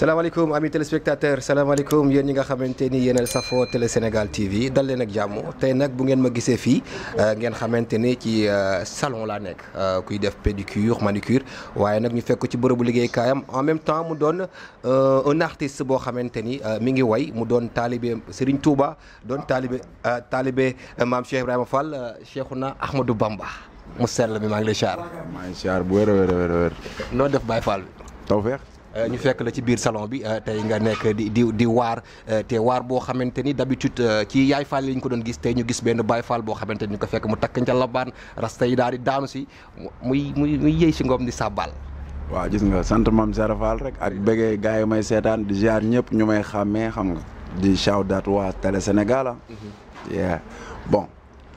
salaamaaleykum amis téléspectateurs salaamaaleykum yéen ñi nga xamante ni yéenal safoo télé Sénégal TV dal leen ak jàmm tey nag bu ngeen ma gisee fii euh, ngeen xamante ni ci euh, salon laa nekk euh, kuy def pédicure manucure waaye nag ñu fekk ci bërëbu liggéey kaayam en même temps mu doon un artiste boo xamante ni mi ngi way mu doon taalibe Serigne Touba doon taalibe taalibe maam Cheikh Ibrahima Fall Cheikhouna Ahmadou Bamba mu sell mi maa ngi lay siyaar. maa ngi bu wér noo def Baye Euh, ñu fekk la ci biir salon bi euh, tey nga nekk di di di waar euh, te waar boo xamante ni d'habitude ci yaay faal yi ñu ko doon gis tey ñu gis benn baay faal boo xamante ni ñu ko fekk mu takk njalabaan rasta yi daal di daanu si muy muy muy yëy si ngoom di sàbbaal waaw gis nga sant mam Sara Fall rek ak bëggee gars yi may seetaan di ziar ñëpp ñu may xàmmee xam nga di shout out waa Télé Sénégal ah. mm-hmm. yeah bon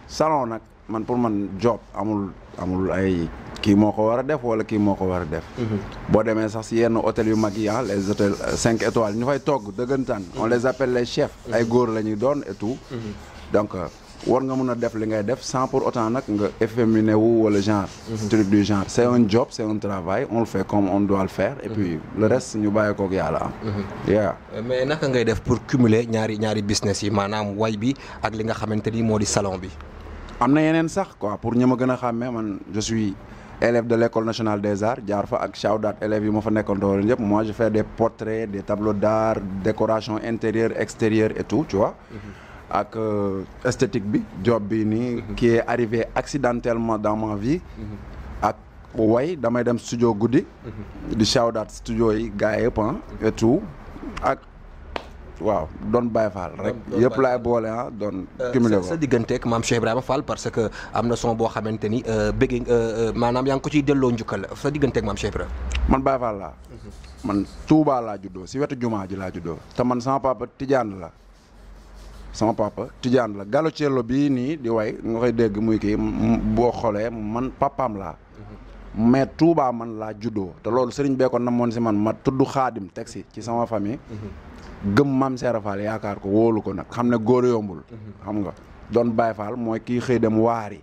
salon nag man pour man job amul amul ay kii moo ko war a def wala kii moo ko war a def. Mhm. boo demee sax si yenn hôtel yu mag yi ah les hôtels euh, cinq étoiles ñu fay togg dëggantaan. Mhm. on les appelle les chefs. Mhm. ay góor la ñuy doon et tout. donc euh, war nga mun a def li ngay def sans pour autant nag nga efféminé wu wala genre. truc du genre c' est un job c' est un travail on le fait comme on doit le faire. et puis le reste ñu bàyyi koog yàlla am. yeah euh, mais naka ngay def pour cumuler ñaari ñaari business yi maanaam way bi ak nga xamante ni moo di salon bi. am na yeneen sax quoi pour ñi ma gën a xàmmee man je suis. élève de l' école nationale des arts jaar fa ak Chaoudat élèves yi ma fa nekkoon doon yëpp moi je fais des portraits des tableaux d' art décoration intérieure extérieure et tout tu vois. Mhm. ak euh, esthétique bi job bi nii. Mhm. qui est arrivé accidentellement dans ma vie. Mhm. ak way damay dem studio guddi. di Chaoudat studio yi gars yëpp ah, et tout waaw don Baye Fall rek yëpp laay boole ah doon euh, cumulé ko sa digganteeg maam Fall parce que am na son boo xamante ni euh, bëgg euh, maanaam yaa ngi ko ciy delloo njukkal sa digganteeg maam Cheikh man Baye Fall laa mhm. man Touba laa juddoo si wetu jumaa ji laa juddoo te man sama papa Tidiane la sama papa la Gallo Cello bii nii di way nga koy dégg muy kii boo xoolee man papaam laa mhm. mais Touba man laa juddoo te loolu sëriñ bee ko namoon si man ma tudd xaadim teg si ci sama famille mhm. gëm maam Serap Fall yaakaar ko wóolu ko nag xam ne góor yombul. xam nga doon Baye Fall mooy kii xëy dem waari.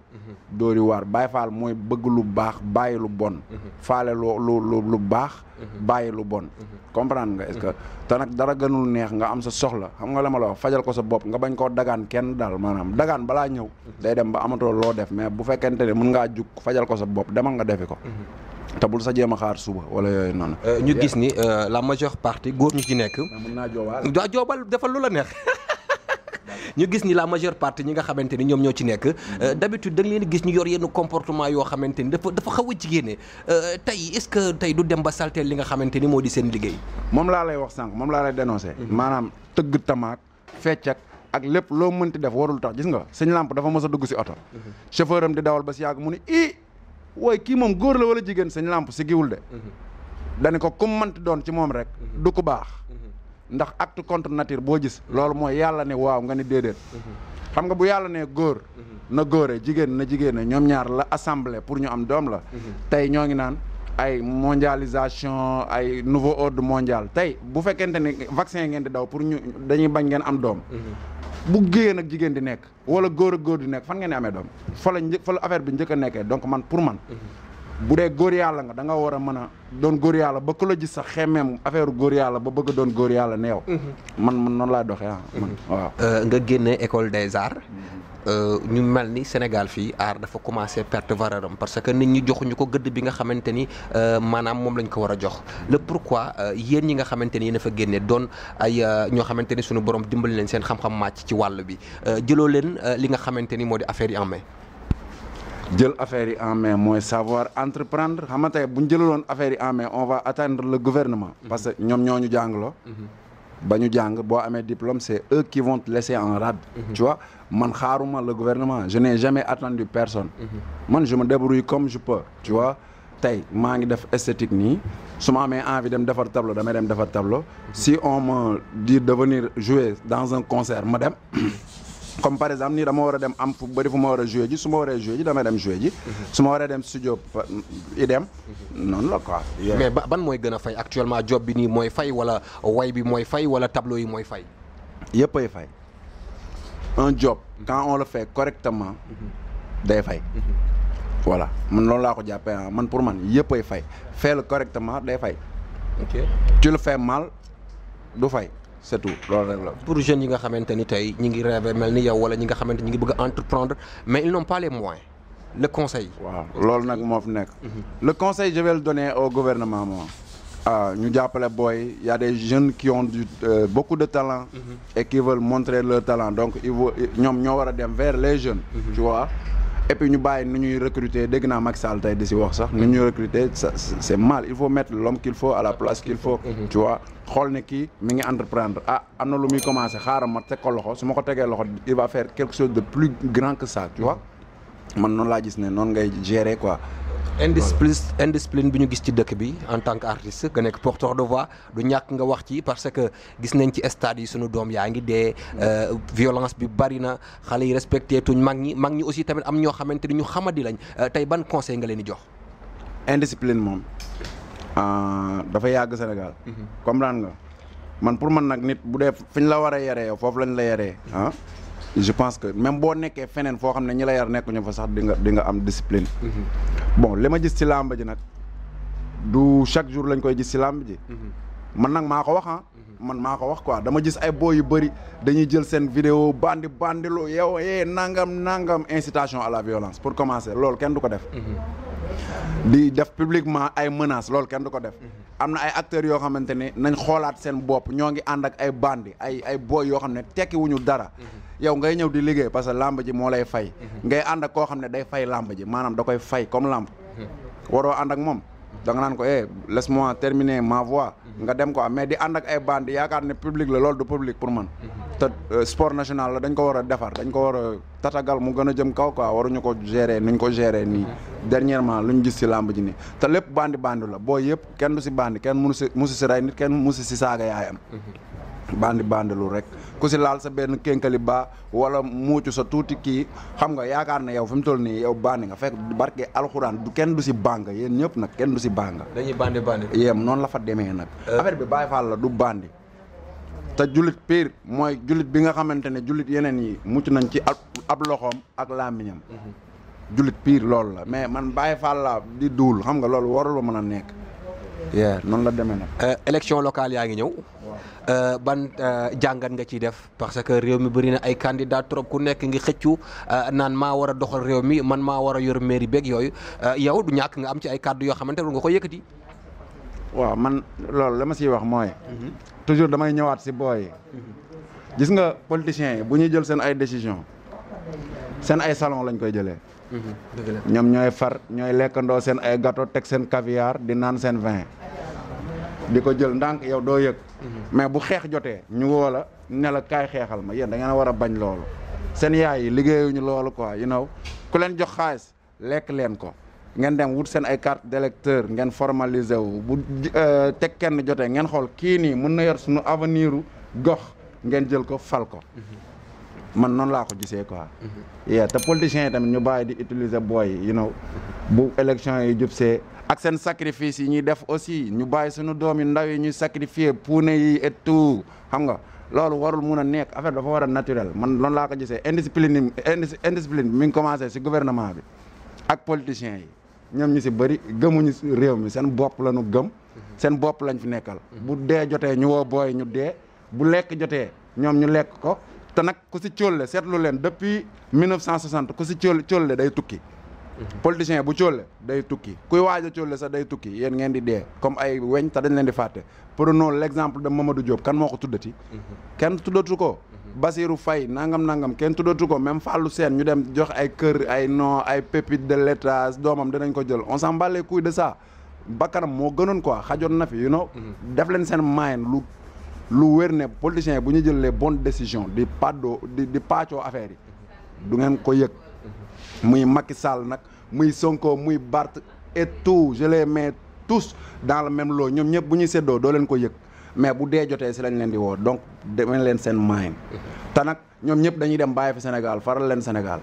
dóori waar Baye Fall mooy bëgg lu baax bàyyi lu bon. faale lu lu lu baax. bàyyi lu bon. comprendre nga est te nag dara gënul neex nga am sa soxla xam nga la ma fajal ko sa bopp nga bañ koo dagaan kenn daal maanaam dagaan balaa ñëw. day dem ba amatoo loo def mais bu fekkente ne mun ngaa jug fajal ko sa bopp demal nga defi ko. te sa jéem a xaar suba wala yooyu noonu. Euh, ñu gis ni euh, la majeure partie góor ñu ci nekk. mën naa joobaal daa joobal defal lu la neex. ñu gis ni la majeure partie ñi nga xamante ni ñoom ñoo ci nekk euh, mhm. d'habitude da nga leen gis ñu yor yenn comportement yoo xamante ni dafa dafa xaw a jigéene tey est-ce que tey du dem ba salteel li nga xamante ni moo di seen liggéey. moom laa lay wax sànq moom laa lay dénoncé. Mhm. maanaam tëgg tamaak fecc ak lépp loo mënti def warul tax gis nga sëñ lamp dafa mës a dugg si oto. Mhm. wooy kii moom góor la war a jigéen sañ làmp si giwul de mhm. dani ko kum mënti doon ci moom rek mhm. du ko baax mhm. ndax acte contre nature boo gis loolu mooy yàlla ne waaw nga ni déedéet xam nga bu yàlla nee góor na góore jigéen na jigéene ñoom ñaar la assemblée pour ñu am doom la tey ñoo ngi naan ay mondialisation ay nouveau ordre mondial tey bu fekkente ni vaccin ngeen di daw pour ñu dañuy bañ ngeen am doom bu jigéen ak jigéen di nekk wala góor a góor di nekk fan ngeen di amee doom fa la fa la affaire bi njëkk a nekkee donc man pour man bu dee góor yàlla nga da nga war a mën a doon góor yàlla ba ku la sa sax xemmeem affaire góor yàlla ba bëgg a doon góor yàlla neew mhm. man man noonu laa doxee ah man mhm. waaw euh, nga génne école des arts Euh, ñu mel ni Sénégal fii aar dafa commencé perte valeur am parce que nit ñi joxuñu ko gëdd bi nga xamante ni euh, maanaam moom lañ ko war a jox le pourquoi euh, yéen ñi nga xamante ni yéen a fa génne doon ay ñoo xamante ni suñu borom dimbali leen seen xam-xam màcc ci wàll bi jëloo leen li nga xamante ni moo di affaire yi en main. jël affaire yi en mais mooy savoir entreprendre xam nga tey bu ñu jëlaloon affaire yi en main on va atteindre le gouvernement. Mm-hmm. parce que ñoom ñoo ñu jàngloo. Mm-hmm. ba ñu jàng boo amee diplôme c'est eux qui vont te laisser en rade mm man xaaruma la gouvernement je n'ai jamais attendu personne mhm. man je me débrouille comme je peux tu vois tey maa ngi def esthétique nii su ma amee envie dem defar tableau damay dem defar tableau mhm. si on me dit de venir jouer dans un concert ma dem comme par exemple nii dama war a dem am fu bëri fu ma war a joué ji su ma waree joué ji damay dem joué ji. Mhm. su ma waree dem studio i dem. Mhm. noonu la quoi. mais ban mooy gën a fay actuellement job bi nii mooy fay wala way bi mooy fay wala tableau yi mooy fay. yëpp ay fay un job mhm. quand on le fait correctement day fay. voilà man loolu laa ko jàppee ah man pour man yëpp ay fay faire le correctement day fay. ok tu le fais mal du fay. c'est loolu rek la pour jeunes yi nga xamante ni tey ñi ngi rêvé mel ni yow wala ñi nga xamante ñi ngi bëgg a entreprendre mais ils n'ont pas les moyens le conseil waaw loolu nag moo fi nekk mhm. le conseil je vais le donner au gouvernement moom ah ñu jàppale booy ya des jeunes qui ont du euh, beaucoup de talent mm -hmm. et qui veulent montrer leur talent donc il faut ñoom ñoo war a dem vers les jeunes mm et ñu bàyyi nu ñuy recruter dégg naa Macky Sall tey di si wax sax nu ñuy recruter c'est mal il faut mettre l'homme qu'il faut à la place qu'il faut tu vois xool ne kii mi ngi entreprendre ah am na lu muy commencer xaaral ma teg ko loxo su ma ko tegee loxo il va faire quelque chose de plus grand que ça tu vois man noonu laa gis ne noonu ngay gérer quoi indiscipline indiscipline bi ñu gis ci dëkk bi en tant que artiste nga nekk porteur de voix du ñàkk nga wax ci parce que gis nañ ci stade yi suñu doom yaa ngi dee euh, violence bi bari na xale yi respecte tuñ mag ñi mag ñi aussi tamit am ñoo xamante ni ñu xamadi lañ euh, tey ban conseil nga leen di jox indiscipline moom euh, dafa yàgg Sénégal mhm. comprendre nga man pour man nag nit bu dee fi la war a yare yow foofu lañ la yaree ah je pense que même boo nekkee feneen foo xam ne ñi la yar nekkuñu fa sax di nga am discipline mhm. bon li ma gis ci làmbaji nag du chaque jour lañ koy gis ci làmb ji. Mhm. man nag maa ko wax a ah. mhm. man maa ko wax quoi dama gis ay boo yu bëri dañuy jël seen vidéo bandi bandilu yow yee eh, nangam nangam incitation à la violence pour commencer loolu kenn du ko def. Mhm. di def publiquement ay menaces loolu kenn du ko def. am na ay acteurs yoo xamante ne nañ xoolaat seen bopp ñoo ngi ànd ak ay bandi ay ay boy yoo xam ne tekki dara. yow ngay ñëw di liggéey parce que làmb ji moo lay fay. ngay ànd ak koo xam ne day fay làmb ji maanaam da koy fay comme làmb. Hmm. waroo ànd ak moom. da nga ko eh mois moi terminer ma voix. nga dem quoi mais di ànd ay bande yaakaar ne public la loolu du public pour man. te euh, sport national la dañ ko war a defar dañ ko war a tatagal mu gën a jëm kaw quoi waruñu ko gérer nuñ ko gérer nii. dernièrement luñ gis si làmb ji nii te lépp bandi bandi la boo yëpp kenn du si bandi kenn mënu si mënu si rey nit kenn mënu si saaga yaayam. bandi bandilu rek ku si laal sa benn kénkali ba wala muucu sa tuuti kii xam nga yaakaar na yow fi mu toll nii yow bandi nga fekk barke alxuraan du kenn du si bàng yéen ñëpp nag kenn du si bàng. dañuy bandi bandi. yéem noonu la fa demee nag. Euh. affaire bi Baye la du bandi. te jullit pire mooy jullit bi nga xamante ne jullit yeneen yi mucc nañ ci ab ab loxoom ak làmmiñam. Mhm. jullit pire loolu la mais man Baye Fall la di duul xam nga loolu warul mën a nekk. yeah noonu la demee nag. Euh, élection locale yaa ngi ñëw. Euh, ban euh, jàngat nga ciy def parce que réew mi bëri na ay candidat trop ku nekk ngi xëccu naan maa war a doxal réew mi man maa war a yor mairie beeg yooyu yow du ñàkk nga am ci ay kàddu yoo xamante ne nga ko yëkkati. waaw man loolu la ma siy wax mooy. Mhm. toujours damay ñëwaat si booy mhm. gis nga politiciens yi bu ñuy jël seen ay décision seen ay salon lañ koy jëlee. ñoom ñooy far ñooy lekkandoo seen ay gato teg seen caviar di naan seen vin di ko jël ndànk yow doo yëg mhm. mais bu xeex jotee ñu woo la ne la kaay xeexal ma yéen da ngeen a war a bañ loolu seen yaay yi liggéeyuñu loolu quoi you naw ku leen jox xaalis lekk leen ko ngeen dem wut seen ay carte d'électeur ngeen formalisé wu bu euh, teg kenn jotee ngeen xool kii nii mun na yor suñu avenir gox ngeen jël ko fal ko mhm. man noonu laa ko gisee quoi. Mhm. yeah te politiciens yi tamit ñu bàyyi di utiliser booy yi you know bu élection yi jub see ak seen sacrifice yi ñuy def aussi ñu bàyyi suñu doom yi ndaw yi ñuy sacrifier puune yi et tout xam nga loolu warul mun a nekk affaire dafa war a naturel man noonu laa ko gisee indiscipline indiscipline bi mi ngi commencé si gouvernement bi ak politiciens yi ñoom ñu si bëri gëmuñu réew mi seen bopp lañu gëm. Mhm. seen bopp lañ fi nekkal. Mhm. bu dee jotee ñu woo booy ñu dee bu lekk jotee ñoom ñu lekk ko. te nag ku si cóolle seetlu leen depuis 1960 ku si cóol cóolle day tukki. politicien bu cóolle day tukki kuy waaja a cóolle sax day tukki yéen ngeen di dee comme ay weñ te dañ leen di fàtte prenons l'exemple de Mamadou Diop kan moo ko tuddati. kenn tuddatu ko. Basirou fay nangam nangam kenn tuddatu ko même Fallou Sène ñu dem jox ay kër ay non ay pépite de l'état doomam dinañ ko jël on s'en bat les couilles de ça bakkanam moo gënoon quoi xajoon na fi you mm-hmm. def leen seen moyen lu lu wér ne politiciens bu ñu jëlee les décision di paddoo di di paccoo affaire yi du ngeen ko yëg muy Macky Sall nag muy Sonko muy Barth et tout je les mets tous dans le même lot ñoom ñëpp bu ñuy séddoo doo leen ko yëg mais bu dee jotee si lañ leen di woo donc demee leen seen maayin te nag ñoom ñëpp dañuy dem bàyyi fi Sénégal faral leen Sénégal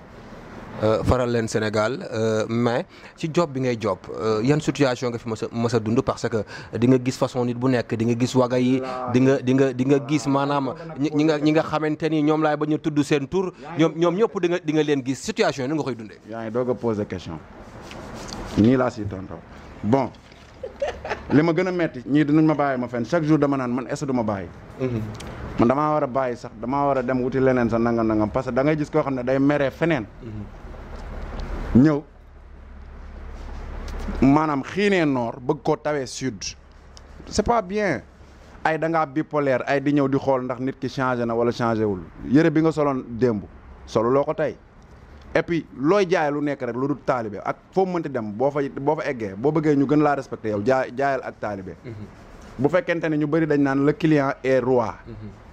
Euh, faral leen Sénégal euh, mais ci job bi ngay job euh, yan situation nga fi ma sa mës a dund parce que di nga gis façon nit bu nekk di nga gis waga yi di nga di nga di nga gis maanaam ñi nga ñi nga xamante ni ñoom laay ba ñu tudd seen tur ñoom ñoom ñëpp di nga di nga leen gis situation yi ni nga koy dundee. yaa ngi doog a poser question nii laa siy tontoo bon li ma gën a metti ñii dinañ ma bàyyi ma fenn chaque jour dama naan man est ce ma bàyyi. Mhm. man damaa war a bàyyi sax damaa war a dem wuti leneen sa nangam nangam parce que da ngay gis koo xam ne day meree feneen. Mhm. ñëw maanaam xiinee noor bëgg koo tawee sud c'est pas bien ay da bi bipolaire ay di ñëw di xool ndax nit ki changé na wala changé wul yëre bi nga soloon démb solo loo ko tey et puis looy jaay lu nekk rek lu dul taalibe ak foo mënti dem boo fa boo fa eggee boo bëggee ñu gën laa respecté yow jaay jaayal ak taalibe mm-hmm. bu fekkente ne ñu bëri dañ naan le client est roi mm-hmm.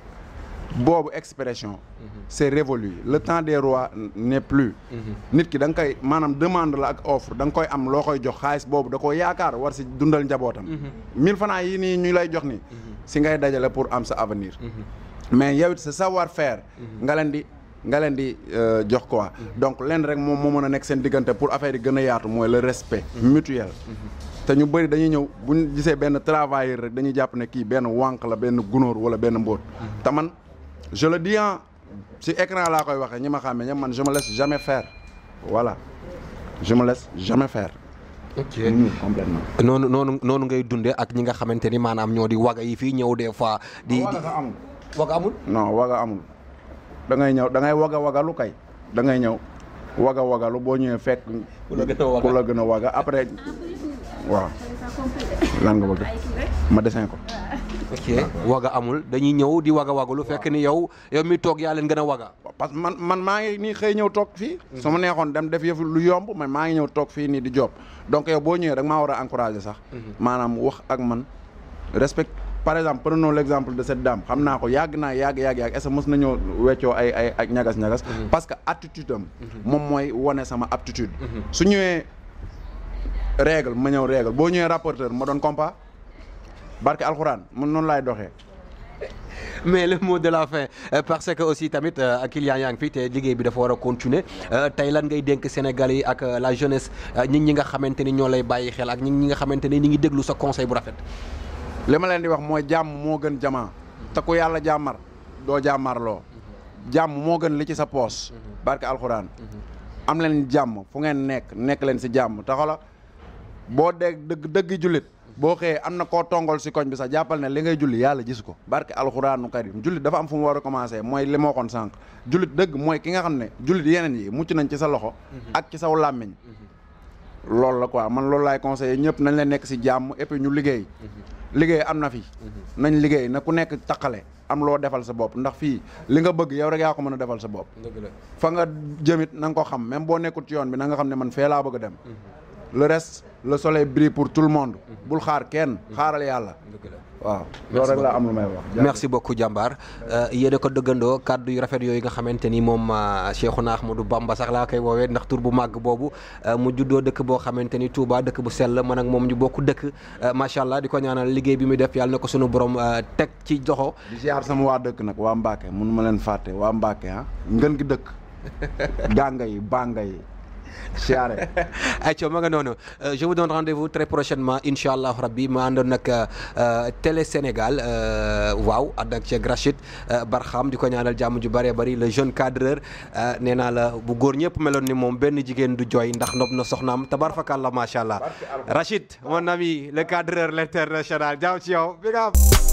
boobu expression mhm. c'est révolu le temps des rois n'est plus mhm. nit ki da nga koy maanaam demande la ak offre da nga koy am loo koy jox xaalis boobu da koo yaakaar war si dundal njabootam mhm. mille francs yi nii ñu lay jox nii si ngay dajale pour am sa avenir mais yow it sa savoir fair nga leen di nga leen di euh, jox quoi donc leen rek moom moo mën a nekk seen diggante pour affaire yi gën a yaatu mooy le respect mutuel te ñu bëri dañuy ñëw bu ñu gisee benn travailleur rek dañuy jàpp ne kii benn wànq la benn gunóor wala benn mbóot je le dis ah si écran laa koy waxee ñi ma xàmmee ñëpp man je me laisse jamais faire voilà je me laisse jamais faire. ok mmh, complètement. noonu noonu noonu ngay dundee ak ñi nga xamante ni maanaam ñoo di waga yi fii ñëw des fois. di waga amul waga amul. non waga amul da ngay ñëw da ngay waga wagalu kay da ngay ñëw waga wagalu boo ñëwee fekk. ku la gën a waga ku la gën a waga après waaw. lan nga bëgg ma dessin ko. waga amul dañuy ñëw di waga lu fekk ni yow yow mi toog yaa leen gën a waga parce que man man maa ngi nii xëy ñëw toog fii mm-hmm. su ma neexoon dem def yëf lu yomb ma maa ngi ñëw toog fii nii di job donc yow boo ñëwee da nga maa war a encourager sax mm-hmm. maanaam wax man respect par exemple prenons l'exemple de cette dame xam naa ko yàgg naa yàgg yàgg yàgg est-ce que mës nañoo weccoo mm-hmm. que attitude moom mooy wane sama aptitude su ñëwee règle ma ñëw règle boo ñëwee rapporteur ma doon compas barke alxuraan mun noonu lay doxee. mais le moo de la fin euh, parce que aussi tamit euh, client yaa ngi fi te liggéey bi dafa war a continuer euh, tey lan ngay dénk Sénégal yi ak la jeunesse ñi ñi nga xamante ni ñoo lay bàyyi xel ak ñi ñi nga xamante ni ñi ngi déglu sa conseil bu rafet. li ma leen di wax mooy jàmm moo gën jamaa te yàlla jàmmar doo jàmmarloo jàmm moo gën li ci sa poos barke alxuraan am leen jàmm fu ngeen nekk nekk leen si jàmm te xoola boo dee dëgg boo xëyee am na koo tongool si koñ bi sax jàppal ne li ngay julli yàlla gis ko barke alxuraanu karim jullit dafa am fu mu war a commencé mooy li ma waxoon sànq jullit dëgg mooy ki nga xam ne jullit yeneen yi mucc nañ ci sa loxo mhm. ak ci saw làmmiñ mhm. loolu la quoi man loolu laay conseillé ñëpp nañ la nekk si jàmm et puis ñu liggéey mhm. liggéey am na fi nañ liggéey na ku nekk taqale am loo defal sa bopp ndax fii li nga bëgg yow rek yaa ko mën a defal sa bopp fa nga jëmit na nga ko xam même boo nekkul ci yoon bi na nga xam ne man fee laa bëgg a dem le reste le soleil brille pour tout le monde. bul xaar kenn xaaral yàlla. waaw loolu laa am lu may wax. merci beaucoup jàmbaar euh, yéen ko dëggandoo kàddu yu rafet yooyu nga xamante ni moom euh, Cheikhouna du Bamba sax laa koy woowee ndax tur bu màgg boobu euh, mu juddoo dëkk boo xamante ni Touba dëkk bu sell man ak moom ñu bokk dëkk macha allah di ko ñaanal liggéey bi muy def yàlla na ko sunu borom teg ci joxo di sama waa dëkk nag waa Mbacke mënu ma leen fàtte waa Mbacke ah ngën gi dëkk gànga yi siyaare ayca ma nga noonu euh, je vous donne rendez-vous très prochainement incha allah rabbi ma àndoon nag euh, euh, Télé Sénégal waaw ànd ak Cheikh Rachid Barham di ko ñaanal jàmm ju bëree bëri le jeune cadreur nee naa la bu góor ñëpp meloon ni moom benn jigéen du jooy ndax nob na soxnaam tabarfakallah macha allah Rachid mon ami le cadreur l' international jaaw ci yow bi nga am